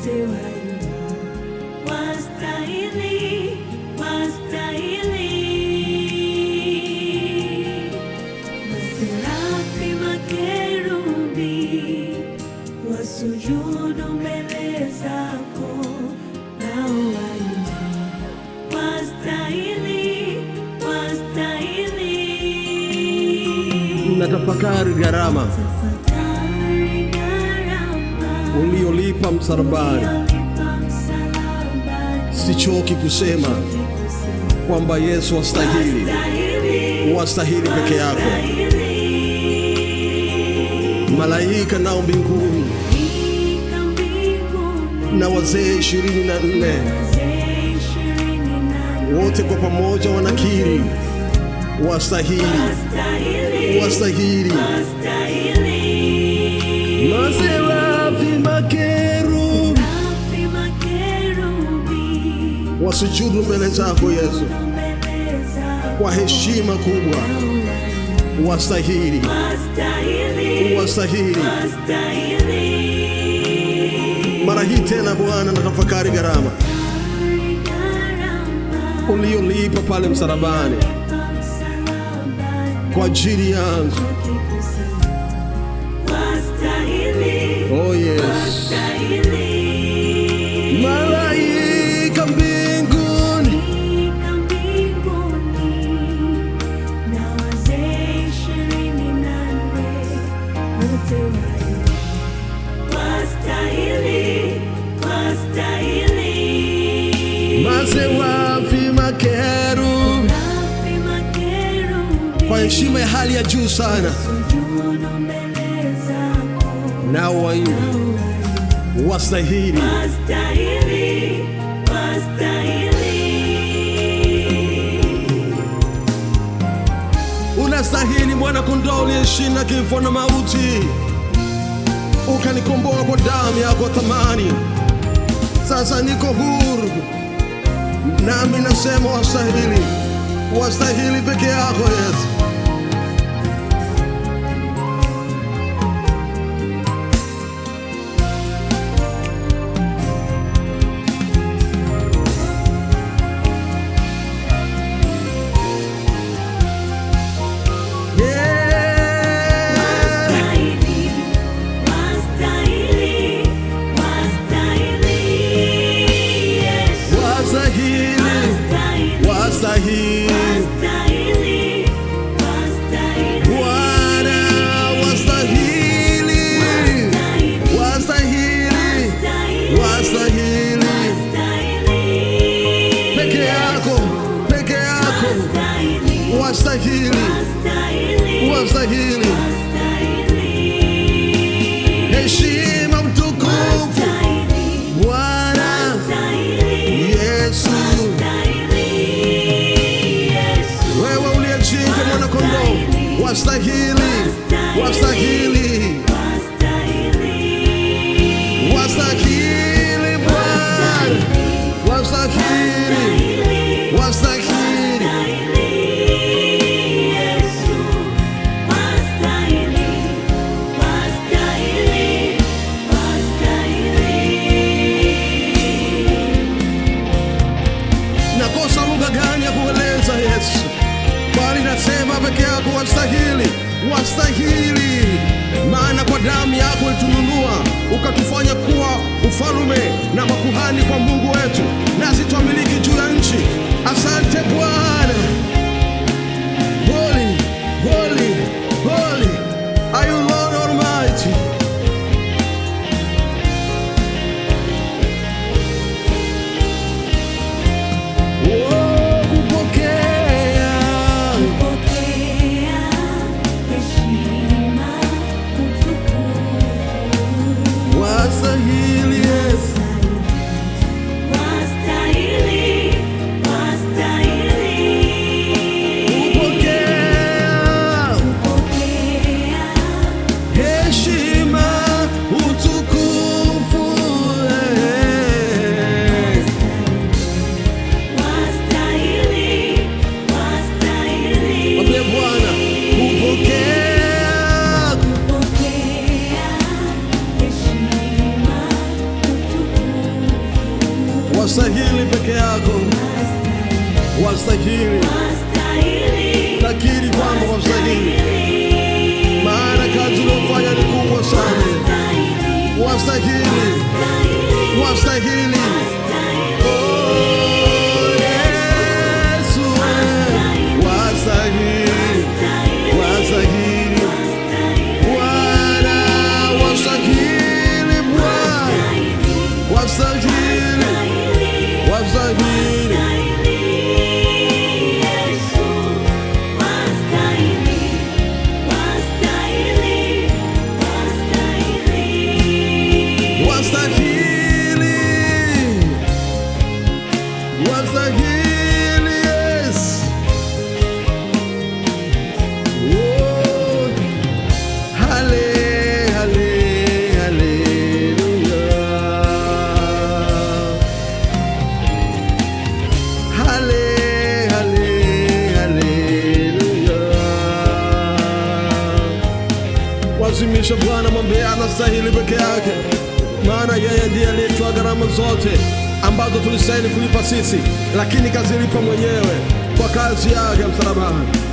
wote wastahili, wastahili. Maserafi, makerubi wasujudu mbele gharama uliolipa msalabani. Sichoki kusema kwamba Yesu wastahili, wastahili peke yako. Malaika nao mbinguni na wazee ishirini na nne wote kwa pamoja wanakiri, wastahili, wastahili, wastahili. wasujudu mbele zako Yesu kwa heshima kubwa, wastahili, wastahili. Mara hii tena Bwana, tafakari gharama uliolipa pale msalabani kwa ajili yangu. Oh, yes. Tuanze wapi makeru, kwa heshima ya hali ya juu sana, nao waimba wastahili Unastahili mwana kondoo uliyeshinda kifo na mauti, ukanikomboa kwa damu yako thamani. Sasa niko huru nami nasema wastahili, wastahili peke yako Yesu. wastahili wastahili wastahili, maana kwa damu yako ulitununua ukatufanya kuwa ufalume na makuhani kwa Mungu wetu, nasi twamiliki juu ya nchi. Asante Bwana. Wastahili peke yako, wastahili, nakiri kwamba wastahili, maana kazi uliofanya ni kubwa sana. Wastahili, wastahili anastahili peke yake, maana yeye ndiye aliyetoa gharama zote ambazo tulistahili kulipa sisi, lakini kazilipa mwenyewe kwa kazi yake msalabani.